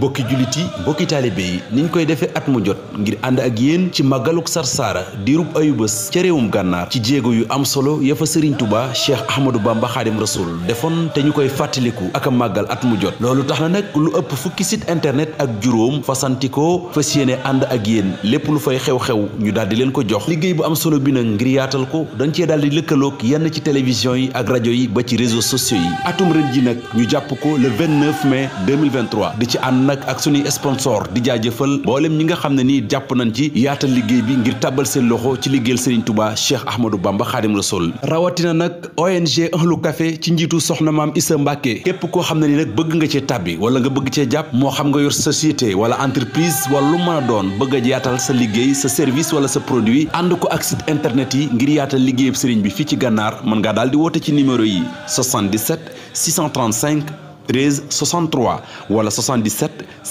bokki jullit mbokki bokki taalibe yi niñ koy defee at mu jot ngir ànd ak yéen ci màggaluk sarsaara diirub ayubés ca réewum gànnaar ci jéego yu am solo yafa sëriñ tubaa cheikh ahmadou bamba xaadim rasul defoon te ñu koy fàttaliku ak màggal at mu jot loolu tax na nag lu ëpp fukki sit internet ak juróom fasantikoo fas yéene ànd ak yéen lépp lu fay xew-xew ñu daal di leen ko jox liggéey bu am solo bi nag ngir yaatal ko dañ cee daal di lëkkaloog yenn ci télévision yi ak rajo yi ba ci réseaux sociaux yi atum ji nag ñu jàpp ko le 29 mai 2023 di ci nag ak suñuy sponsor di jëfal mboolem ñi nga xam ne nii jàpp nañ ci yaatal liggéey bi ngir tàbbal seen loxo ci liggéeyal Serigne Touba Cheikh Ahmadou Bamba Khadim Rasoul rawatina nag ONG Ahlu kafe ci njiitu soxna maam Issa Mbacke képp koo xam ne ni nag bëgg nga cee tàbbi wala nga bëgg cee jàpp moo xam nga yor sa société wala entreprise wala lu mën a doon bëgg a yaatal sa liggéey sa service wala sa produit ànd ko ak site internet yi ngir yaatal liggéeyab Serigne bi fii ci gànnaar mën ngaa daal di ci numéro yi 77 635 13 63 wala 77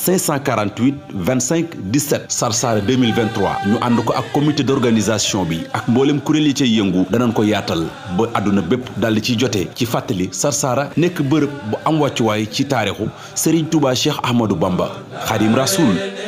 548 25 17 Sarsara 2023 ñu ànd ko ak comité d'organisation bi ak mboolem kuréel yi cay yëngu danañ ko yaatal ba àdduna bépp daal di ciy jotee ci fàttali Sarsara nekk bërëb bu am wàccuwaay ci taarixu Serigne Touba Cheikh Ahmadou Bamba Khadim Rasoul